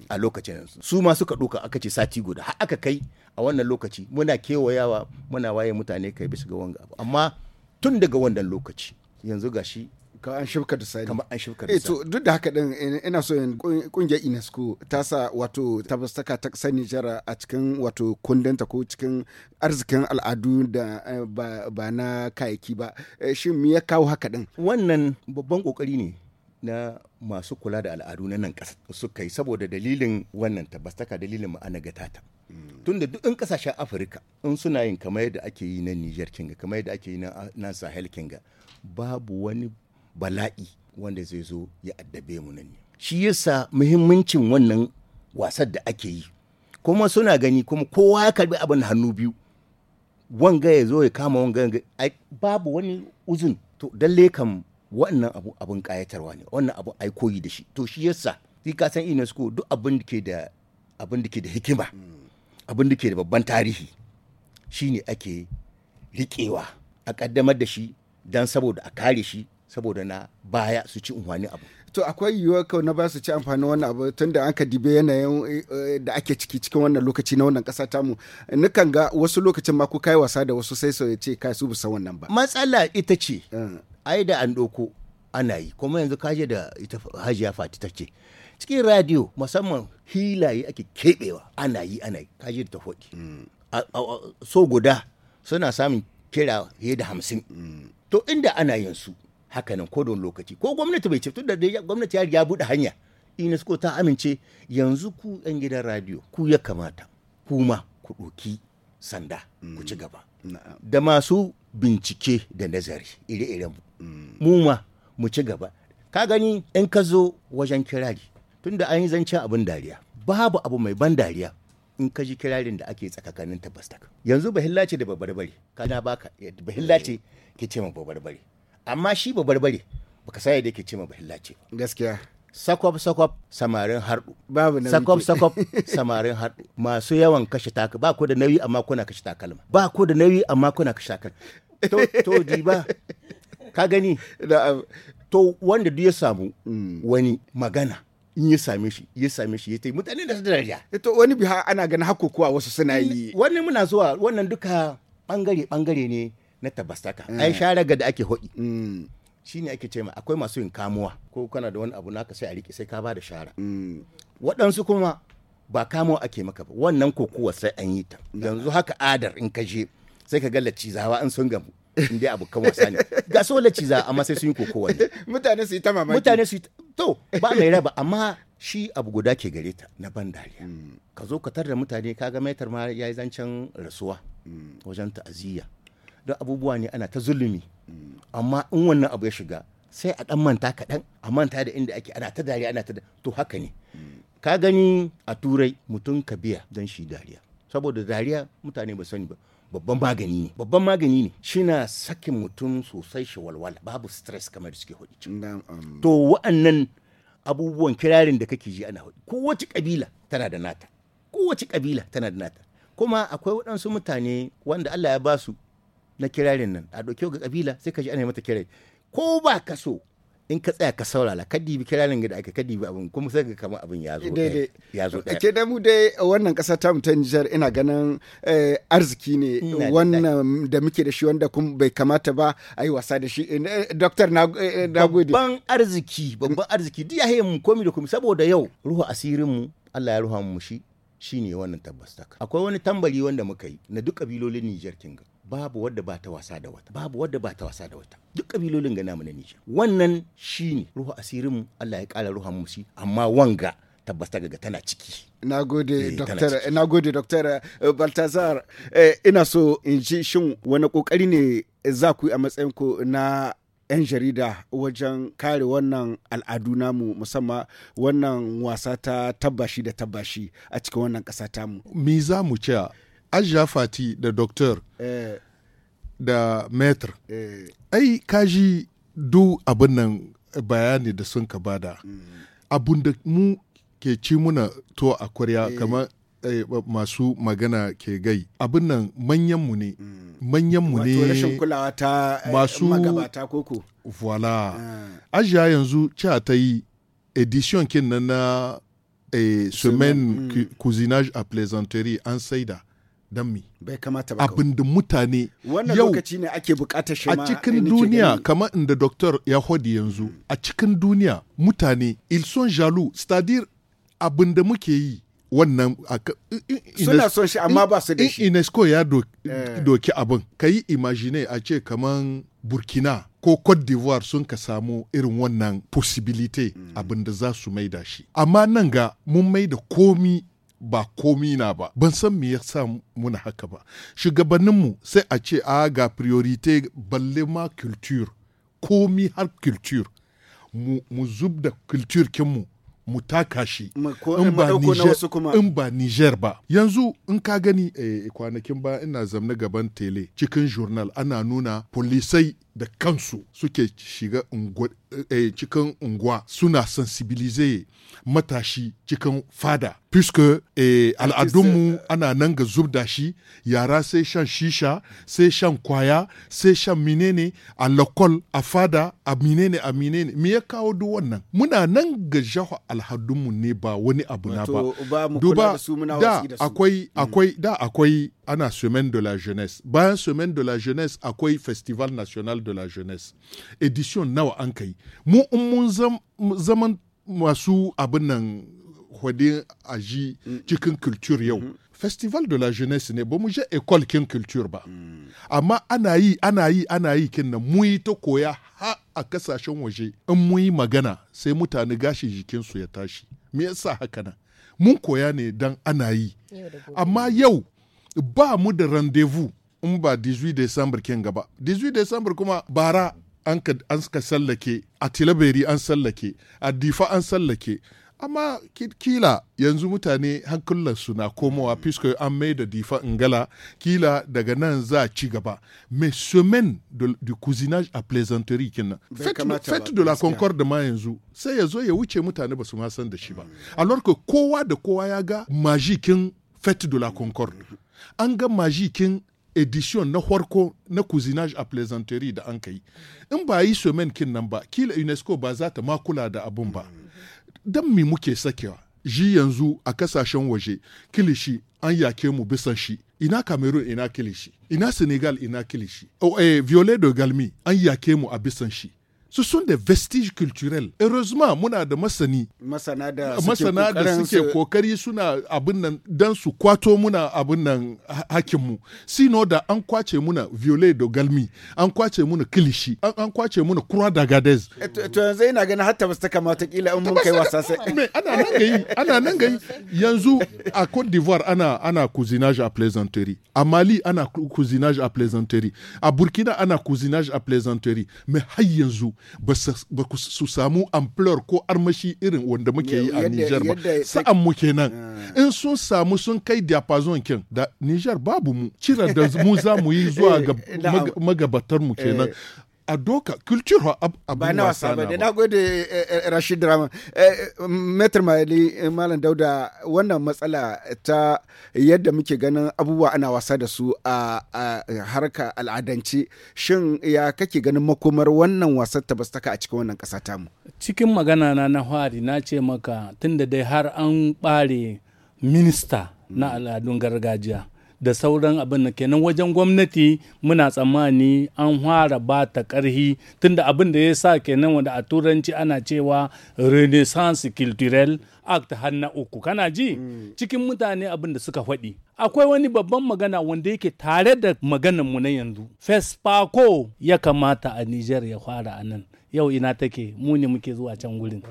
a lokacin su ma suka ɗauka aka ce sati guda har aka kai a wannan lokaci muna kewayawa muna waye mutane kai bisa ga wanga amma tun daga wannan lokaci yanzu gashi kamar an shifka da sani kamar an shifka da sani duk da haka din eh, ina so in kungiyar UNESCO ta sa wato tabbastaka ta sani jara a cikin wato kundinta ko cikin arzikin al'adu da eh, ba na kayaki ba eh, shin me ya kawo haka din wannan babban kokari ne na masu kula da al'adu na nan kasa suka yi saboda dalilin wannan tabbastaka dalilin ma'ana gatata hmm. tunda duk in kasashen afirka in suna yin kamar yadda ake yi na niger kinga kamar yadda ake yi na sahel kinga babu wani bala'i wanda zai zo ya addabe mu nan ne shi yasa muhimmancin wannan wasan da ake yi kuma suna gani kuma kowa ya karbi abin hannu biyu wanga ya zo ya kama wanga babu wani uzun to dalle kam wannan abu abin kayatarwa ne wannan abu ai koyi da shi to shi yasa sai ka san ina suko duk abin da ke da abin da ke da hikima abin da ke da babban tarihi shine ake riƙewa a kaddamar da shi dan saboda a kare shi saboda na baya su ci unwani abu to akwai yiwuwar kawai na ba su ci amfanin wannan abu tun da an ka dibe yanayin eh, da ake ciki cikin wannan lokaci na wannan kasa tamu nukan ga wasu lokacin ma ku kai wasa da wasu sai ya ce kai su bisa wannan ba matsala ita ce eh. ai da an doko ana yi kuma yanzu kaje da ita hajiya fati ta ce cikin radio musamman hilaye ake keɓewa ana yi ana yi kaje da ta mm. so guda suna samun kira fiye da hamsin mm. to inda ana yin su hakanan ko don lokaci ko gwamnati bai ce da gwamnati ya buɗe hanya UNESCO ta amince yanzu ku 'yan gidan radio ku ya kamata ku ma ku ɗoki sanda ku ci gaba mm. da masu bincike da nazari ire-iren mu mm. mu ma mu ci gaba ka gani in ka zo wajen kirari tunda an yi zancen abin dariya babu abu mai ban dariya in ka ji kirarin da ake tsakakanin tabbas yanzu bahilla ce da bari kana baka eh, bahilla ce eh. ke ce ma bari amma shi ba barbare baka sa yadda yake ce ma bahilla ce gaskiya sakwab sakwab samarin hardu babu nauyi sakwab sakwab samarin hardu masu yawan kashe taka ba ko da nauyi amma kuna kashe takalma ba ko da nauyi amma kuna kashe takalma to to di ba ka gani to wanda duk ya samu mm. wani magana in ya same shi ya same shi ya ta yi mutane da su daraja. Eh, to wani biha ana ganin hakokuwa wasu suna yi. wani muna zuwa wannan duka bangare bangare ne na tabastaka ai eh. ga da ake hoɗi mm. shine ake ce akwai masu yin kamuwa ko kana da wani abu naka sai a riƙe sai ka ba da shara mm. waɗansu kuma ba kamuwa ake maka ba wannan kokuwa sai an yi ta yanzu haka adar in ka je sai ka ga lacizawa an sun gamu in dai abokan wasa ne ga so laciza amma sai sun yi kokowa ne mutane su yi ta mamaki mutane su yi to ba mai raba amma shi abu guda ke gare ta na ban dariya mm. ka zo ka tar da mutane ka ga maitar ma ya yi zancen rasuwa wajen ta'aziyya don abubuwa ne ana ta zulumi amma in wannan abu ya shiga sai a dan manta kaɗan a manta da inda ake ana ta dariya ana ta to haka ne ka gani a turai mutum ka biya don shi dariya saboda dariya mutane ba sani ba babban magani ne babban magani ne shina sakin mutum sosai shi walwala babu stress kamar da suke hudu um. to wa'annan abubuwan kirarin da kake ji ana hudu kowace kabila tana da nata kowace kabila tana da nata kuma akwai waɗansu mutane wanda Allah ya ba su na kirarin nan a ɗauke ga kabila sai ka ji ana mata kirai ko ba ka so in ka tsaya ka saurara ka dibi ga da aka ka dibi abin kuma sai ka kama abin ya zo ya zo ɗaya. Ke da mu dai wannan kasa ta ta Nijar ina ganin eh, arziki ne wannan da muke da shi wanda kuma bai kamata ba ayi wasa da shi. Eh, eh, doktor na gode. Babban arziki babban arziki duk ya mu komi da komi saboda yau ruhu asirin mu Allah ya ruha mu shi shine wannan tabbas Akwai wani tambari wanda muka yi na duk kabilolin Nijar kinga. babu wadda ba ta wasa da wata babu wadda ba ta wasa da wata duk kabilolin ga namu na Nijar wannan shine ruhu asirin Allah ya kara ruhan musi amma wanga tabbas ta ga tana ciki na gode eh, doctor eh, baltazar eh, ina so in ji shin wani kokari ne za ku yi a matsayin ku na 'yan jarida wajen kare wannan al'adu namu musamman wannan wasa ta tabbashi da tabbashi a cikin wannan ƙasa tamu. Me za mu ce ajiya fati da doktor eh. da metr eh. ai kaji du abin nan bayani da sun ka bada mm. abun da mu ke ci muna to a kwarya eh. kamar eh, masu magana ke gai abin nan manyanmu ne mm. manyan manyanmu ne masu magabata koko voila ajiya yanzu cewa ta yi edition kin na na semaine mm. cuisinage cu, cousinage à plaisanterie an saida don mi bai kamata ba abin da mutane wannan lokaci ne ake bukatar shi a cikin duniya kamar inda doktor ya hodi yanzu a cikin duniya mutane ils sont jaloux c'est-à-dire abin da muke yi wannan suna son shi amma ba su da shi UNESCO ya eh. doki abin ka yi imagine a ce kamar burkina ko cote d'ivoire sun ka samu irin wannan possibility mm. abin da za su maida shi amma nan ga mun maida komi ba komi na ba ban san me yasa muna haka ba shugabanninmu sai a ce a ga priorite balle ma culture komi har culture mu zub da culture kinmu mu taka shi in ba Niger ba. Yanzu in ka gani eh, kwanakin ba ina zamna gaban tele cikin journal ana nuna polisai da kansu suke shiga eh, cikin unguwa suna sensibilize matashi cikin fada puisque eh, al'adunmu eh, ana nan ga zub da shi yara sai shan shisha sai shan kwaya sai shan minene a lokol a fada a minene a minene me ya kawo duk wannan muna nan ga jaho al'adunmu ne ba wani abu na ba duba da akwai akwai da akwai ana semaine de la jeunesse ba semaine de la jeunesse akwai festival national de la jeunesse édition nawa Ankei. Mou, mu mun zaman masu abin nan aji cikin culture yau festival de la jeunesse ne bon, mu je école kin culture ba Ama ana anaï, ana yi ana yi ta koya ha a kasashen waje in magana sai mutane gashi jikinsu ya tashi me yasa haka nan mun koya ne dan ana yi amma yau ba mu da rendezvous in ba 18 Desambar ken gaba. 18 Desambar kuma bara an ka sallake, a Tilaberi an sallake, a Difa an sallake. Amma kila yanzu mutane hankulansu na komowa fisko an mai da difa ingala kila daga nan za a ci gaba. Mais semaine du cousinage à plaisanterie kenan. Fête de la concorde ma yanzu sai ya zo ya wuce mutane ba su ma san da shi ba. Alors que kowa da kowa ya ga majikin fête de la concorde. an ga majikin edition na farko na cuisinage a plaisanterie da an kai in ba yi somen kin nan ba kila unesco ba za ta makula da abun ba don mi muke sakewa ji yanzu a kasashen waje kilishi an yake mu bisan shi ina cameroon ina kilishi ina senegal ina kilishi oh, eh, violet de galmi an yake mu a bisan shi su sun da vestige culturel heureusement muna da masani masana da suke kokari suna abin nan dan su kwato muna abin nan hakinmu sino da an kwace muna violet da galmi an kwace muna kilishi an kwace muna kura da gades eh, to yanzu ina ganin hatta ba su kamata kila in mun kai wasa sai ana nan gayi ana nan gayi yanzu a Cote d'Ivoire ana ana cousinage à plaisanterie a Mali ana cousinage a plaisanterie a Burkina ana cousinage a plaisanterie mais har yanzu ba su samu amplor ko armashi irin wanda muke yi a Nijar ba sa'an mu kenan ah. in sun samu sun kai diapason kin da Nijar babu mu cira da mu za mu yi zuwa eh, ga magabatar mu kenan eh. a doka culture ba abin wasa ba. Na gode eh, eh, eh, Rashid Mali Malam Dauda wannan matsala ta yadda muke ganin abubuwa ana wasa da su a harka al'adance shin ya kake ganin makomar wannan wasan ta bastaka a cikin wannan ƙasa tamu? Cikin magana na na hari na ce maka tunda dai har an ɓare minista na al'adun gargajiya. da sauran abin da kenan wajen gwamnati muna tsammani an fara ba ta karhi tunda abin da ya sa kenan wanda a turanci ana cewa renaissance culturelle act har na uku kana ji mm. cikin mutane abin da suka faɗi akwai wani babban magana wanda yake tare da maganan mu na yanzu fespaco ya kamata a niger ya fara a nan yau ina take mu ne muke zuwa can gurin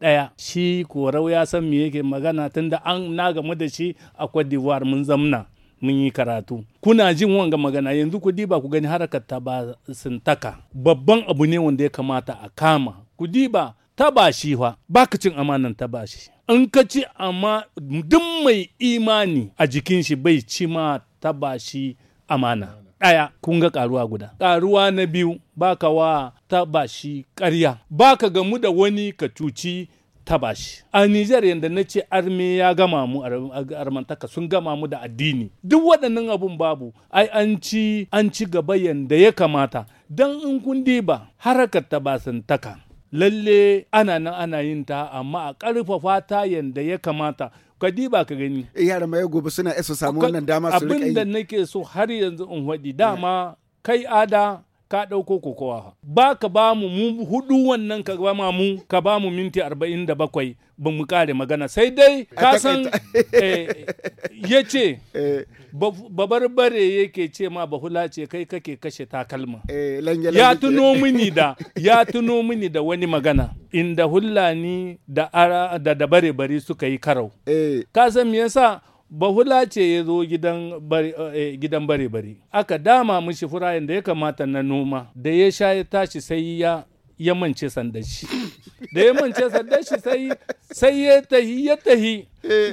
ɗaya shi korau ya san me yake magana tunda an na game da shi a cote mun zamna mun yi karatu kuna jin wanga magana yanzu ku diba ku gani harakar sun taka babban abu ne wanda ya kamata a kama ku diba ba shi fa baka cin amanan ba shi in ka ci amma duk mai imani a jikin shi bai ci ma ba shi amana ɗaya kun ga karuwa guda karuwa na biyu baka wa tabashi shi ƙarya baka gamu da wani ka cuci taba shi a Nijar yadda na ce arme ya gama mu armantaka sun gama mu da addini duk waɗannan abun babu ai an ci an ci gaba yadda ya kamata dan in kun diba harakar tabasantaka lalle ana nan ana yin ta amma a ƙarfafa ta yadda ya kamata kadiba ka gani yara mai gobe suna isa samu wannan dama su rika yi nake so har yanzu in faɗi dama kai ada ka ɗauko kokowa ba ka ba mu hudu wannan ka ba mu ka ba mu minti arba'in da bakwai ba mu kare magana sai dai ka san eh, ya ce eh. babarbare yake ce ma bahula ce kai kake kashe takalma eh, ya tuno mini da ya tuno mini da wani magana inda hulani da da bare bare suka yi karau ka san me yasa bahula ce ya zo eh, gidan bare-bare aka dama mishi furayen da ya kamata na noma da ya sha ya tashi sai ya ya mance da ya mance sandashi sai sai ya tahi ya tahi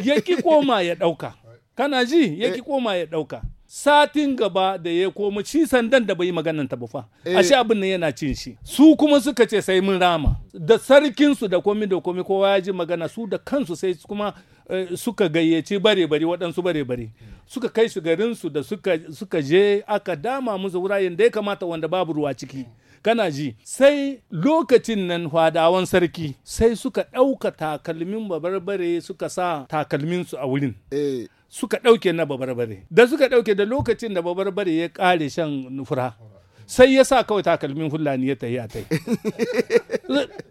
ya ki koma ya dauka kana ji ya ki koma ya dauka satin gaba da ya koma ci sandan da bai maganan ta bufa eh. ashe abin nan yana cin shi su kuma suka ce sai mun rama da sarkinsu da komi da komi kowa ya ji magana su da kansu sai kuma Eh, suka gayyaci bare-bare waɗansu bare-bare suka kai su garinsu da suka je aka dama musu wurayen da ya kamata wanda babu ruwa ciki kana ji sai lokacin nan hwadawan sarki sai suka ɗauka takalmin babarbare suka sa takalminsu a wurin eh. suka ɗauke na babarbare da suka ɗauke da lokacin da babarbare ya ƙare shan nufura sai ya sa kawai takalmin fulani ya tafi a tai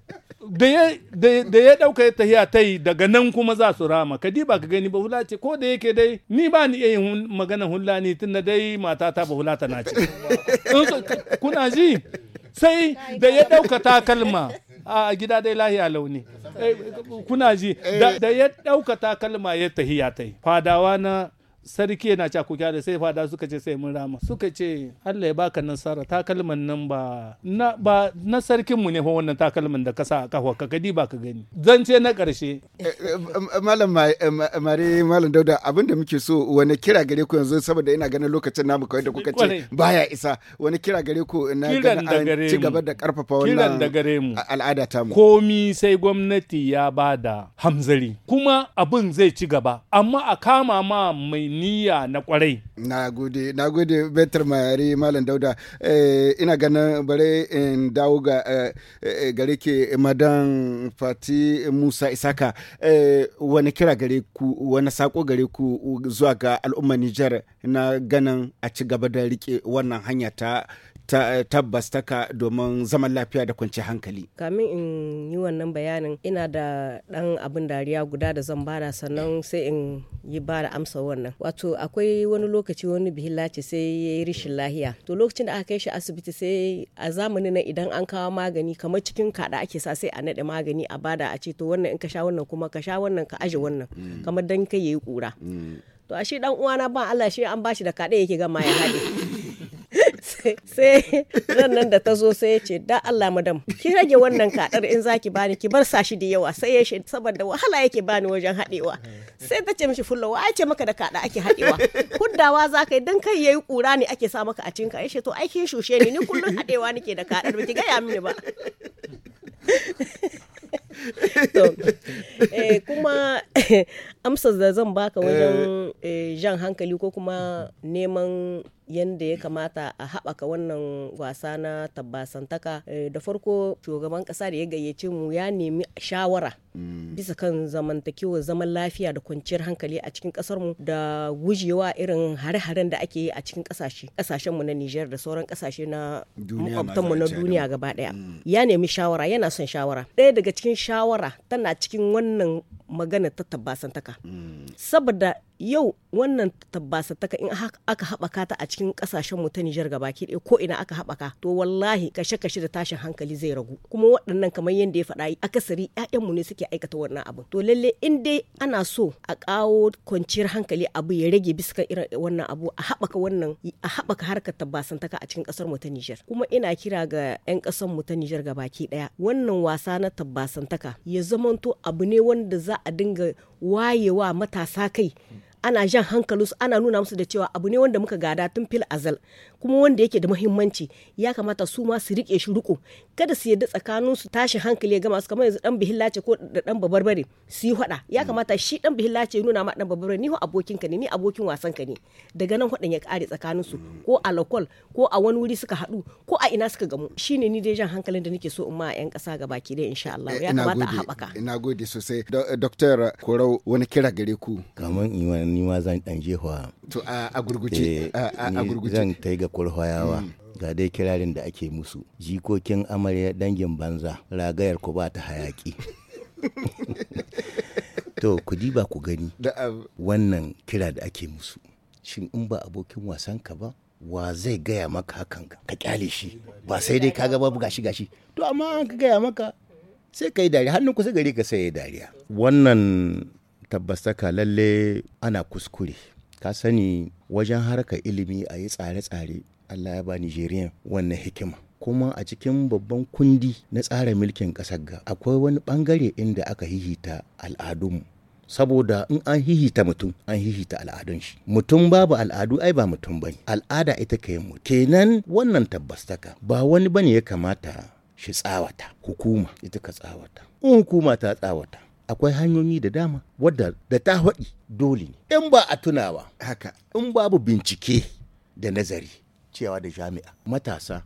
da ya ɗauka ya tahiya ta yi daga nan kuma za su rama ka ba ka gani ba hula ce ko da yake dai ni ba ni iya yin magana hula ni tun da dai matata ba hula ta na ce kuna ji sai da ya ɗauka takalma a gida dai lahiya launi eh, kuna ji da ya ɗauka takalma ya tahiya ta yi fadawa na sarki yana ca ku kyale sai fada suka ce sai mun rama suka ce Allah ya baka nasara takalman nan ba na ba na sarkin mu ne fa wannan takalman da ka sa a kafa ka gadi ba ka gani zance na karshe eh, eh, malam eh, mare malam dauda abinda muke so wani kira gare ku yanzu saboda ina ganin lokacin namu kawai da kuka ce baya isa wani kira gare ku ina ganin an ci gaba da karfafa wannan al'ada ta mu komi sai gwamnati ya bada hamzari kuma abin zai ci gaba amma a kama ma mai niyya na kwarai na gode na gode betar mayari malam dauda eh, ina ganin bare in dawo ga eh, eh, gare ke madan fati musa isaka wani kira gare ku wani sako gare ku zuwa ga al'ummar nijar na ganin a ci gaba da rike wannan hanya ta Eh, tabbas taka domin zaman lafiya da kwanci hankali. Kamin in yi wannan bayanin ina da dan abin dariya guda da zan bara sannan sai in yi bada amsa wannan. Wato akwai wani lokaci wani bihillaci sai ya yi rishin lahiya. To lokacin da aka kai shi asibiti sai a zamani na idan an kawo magani kamar cikin kaɗa ake sa sai a naɗe magani a bada a ce to wannan in ka sha wannan kuma ka sha wannan ka aje wannan mm. kamar dan kai yayi kura. Mm. To a shi dan uwana ba Allah shi an bashi da kada yake gama ya haɗe. sai ran nan da ta zo sai ya ce da Allah madam ki rage wannan kadar in zaki bani ki bar sashi da yawa sai ya shi saboda wahala yake bani wajen hadewa sai ta ce mishi fulla wa ce maka da kada ake hadewa huddawa za ka yi dan kai yayi kura ne ake sa maka a cinka ya ce to aikin kin shushe ni ni kullun hadewa nake da kadar ba ki ga ya mini ba to, eh, kuma amsar da zan baka wajen eh. Eh, jan hankali ko kuma neman yadda ya kamata a haɓaka wannan wasa na tabbasantaka eh, da farko shugaban ƙasa da ya gayyace mu ya nemi shawara mm. bisa kan zamantakewa zaman lafiya da kwanciyar hankali a cikin ƙasar mu da gujewa irin hare-haren da ake yi a cikin ƙasashe ƙasashen mu na Nijar da sauran ƙasashe na makwabtan mu na duniya gaba ɗaya mm. ya nemi shawara yana son shawara ɗaya daga cikin shawara tana cikin wannan magana ta tabbasantaka mm. saboda yau wannan tabbasantaka in aka haɓaka ta a cikin kasashen mu ta Nijar gabaki ɗaya ko ina aka haɓaka to wallahi kashe-kashe da tashin hankali zai ragu kuma waɗannan kamar yadda ya faɗa akasari mu ne suke aikata wannan abin to lalle in dai ana so a kawo kwanciyar hankali abu ya rage bisa irin wannan abu a haɓaka wannan a haɓaka harkar tabbasantaka a cikin ƙasar mu ta Nijar kuma ina kira ga 'yan ƙasar mu ta Nijar gabaki ɗaya wannan wasa na tabbasantaka ya zamanto abu ne wanda za a dinga wayewa matasa kai ana jan hankalinsu ana nuna musu da cewa abu ne wanda muka gada tun fil azal kuma wanda yake da muhimmanci ya kamata su ma su rike shi riko kada su yadda tsakanin su tashi hankali ya gama su kamar yanzu dan bihilla ko da dan babarbare su yi hada ya mm. kamata shi dan bihilla ce nuna ma dan babarbare ni ho abokin ka ne ni abokin wasan ka ne daga nan hadan ya kare tsakanin su ko a lokal ko a wani wuri suka hadu ko a ina suka gamu shine ni dai jan hankalin da nake so in ma yan kasa gaba ki dai insha Allah eh, ya kamata a habaka ina gode sosai doctor eh, korau wani kira gare ku kaman ni ma zan dan jefa to a gurguje a gurguje eh, zan ga kurhoyawa mm. ga dai kirarin da ake musu jikokin amarya dangin banza ragayar ku ba ta hayaki to ku ba ku gani wannan kira da ake musu shin in ba abokin wasan ka ba wa zai gaya maka hakan ka kyale shi ba sai dai kaga babu gashi gashi to amma an ka gaya maka sai ka yi dariya hannun kusa gari ka sai ya dariya wannan tabbasaka lalle ana kuskure ka sani wajen harkar ilimi a yi tsare-tsare allah ya ba nigerian wannan hikima kuma a cikin babban kundi na tsara milkin ƙasar ga akwai wani ɓangare inda aka hihita al'adunmu saboda in an hihita mutum an hihita al'adun shi mutum babu al'adu ai ba mutum bane al'ada ita ka mu kenan wannan tabbastaka ba wani bane ya kamata shi tsawata hukuma ita ka tsawata in hukuma ta tsawata akwai hanyoyi da dama wadda da ta haɗi dole ne in ba a tunawa haka in babu bincike da nazari cewa da jami'a matasa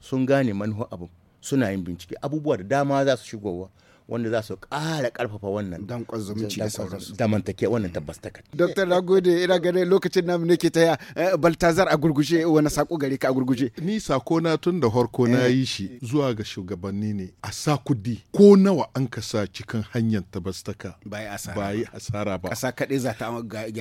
sun gane manhu abu suna yin bincike abubuwa da dama za su shigowa wanda za su ƙara ƙarfafa wannan danƙon zumunci da sauransu mantake wannan tabbas ta doktor na Nagode ina ganin lokacin namu ne ke taya eh, baltazar a gurguje wani sako gare ka a gurguje ni sako na tun da harko na eh. yi shi zuwa ga shugabanni ne a sa kudi ko nawa an ka sa cikin hanyar tabbastaka ba yi asara ba ƙasa kaɗai za ta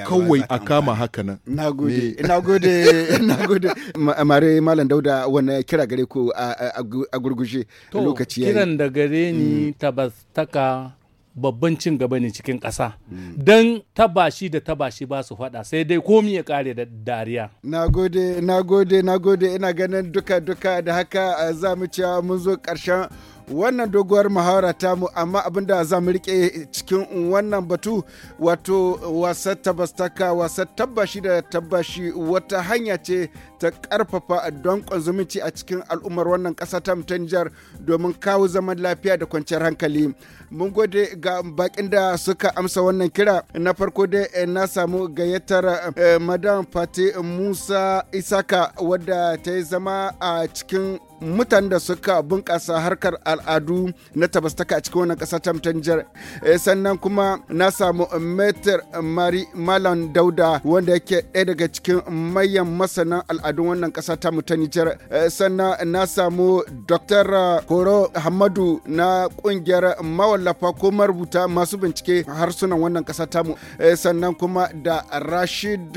kawai a kama haka nan nagode nagode nagode na mare malam dauda wannan kira gare ku a gurguje lokaci kiran da gare ni mm. tabbas taka babban cin gaba ne cikin ƙasa don tabashi da tabashi ba su faɗa sai dai komi ya kare da dariya na gode na gode na gode ina ganin duka duka da haka eh, za mu cewa mun zo ƙarshen wannan doguwar muhawara mu. amma abinda za mu rike cikin wannan batu wato wasar tabastaka wasar tabbashi da tabbashi wata hanya ce ta karfafa don zumunci a cikin al'ummar wannan ƙasa ta mutanjar Nijar domin kawo zaman lafiya da kwanciyar hankali. Mun gode ga bakin da suka amsa wannan kira na farko dai eh, na samu gayyatar eh, madam Fati Musa Isaka wadda ta yi zama a cikin mutanen da suka bunƙasa harkar al'adu na tabastaka a cikin wannan ƙasa ta mutanjar eh, sannan kuma na samu metar mari malam dauda wanda yake ɗaya daga cikin mayan masana al'adun wannan ƙasa ta mutanjar eh, sannan na samu dr koro eh, hamadu na ƙungiyar mawallafa ko marubuta masu bincike harsunan wannan ƙasa ta mu sannan kuma da rashid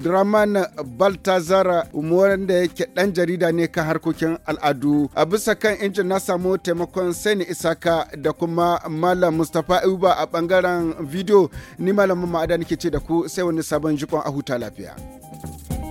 draman baltazara wanda yake ɗan jarida ne kan harkokin al'adu adu a bisa kan injin na samu taimakon sani isaka da kuma malam mustapha ayuba a bangaren video ni malamin ma'ada nake ce da ku sai wani sabon jikon a huta lafiya.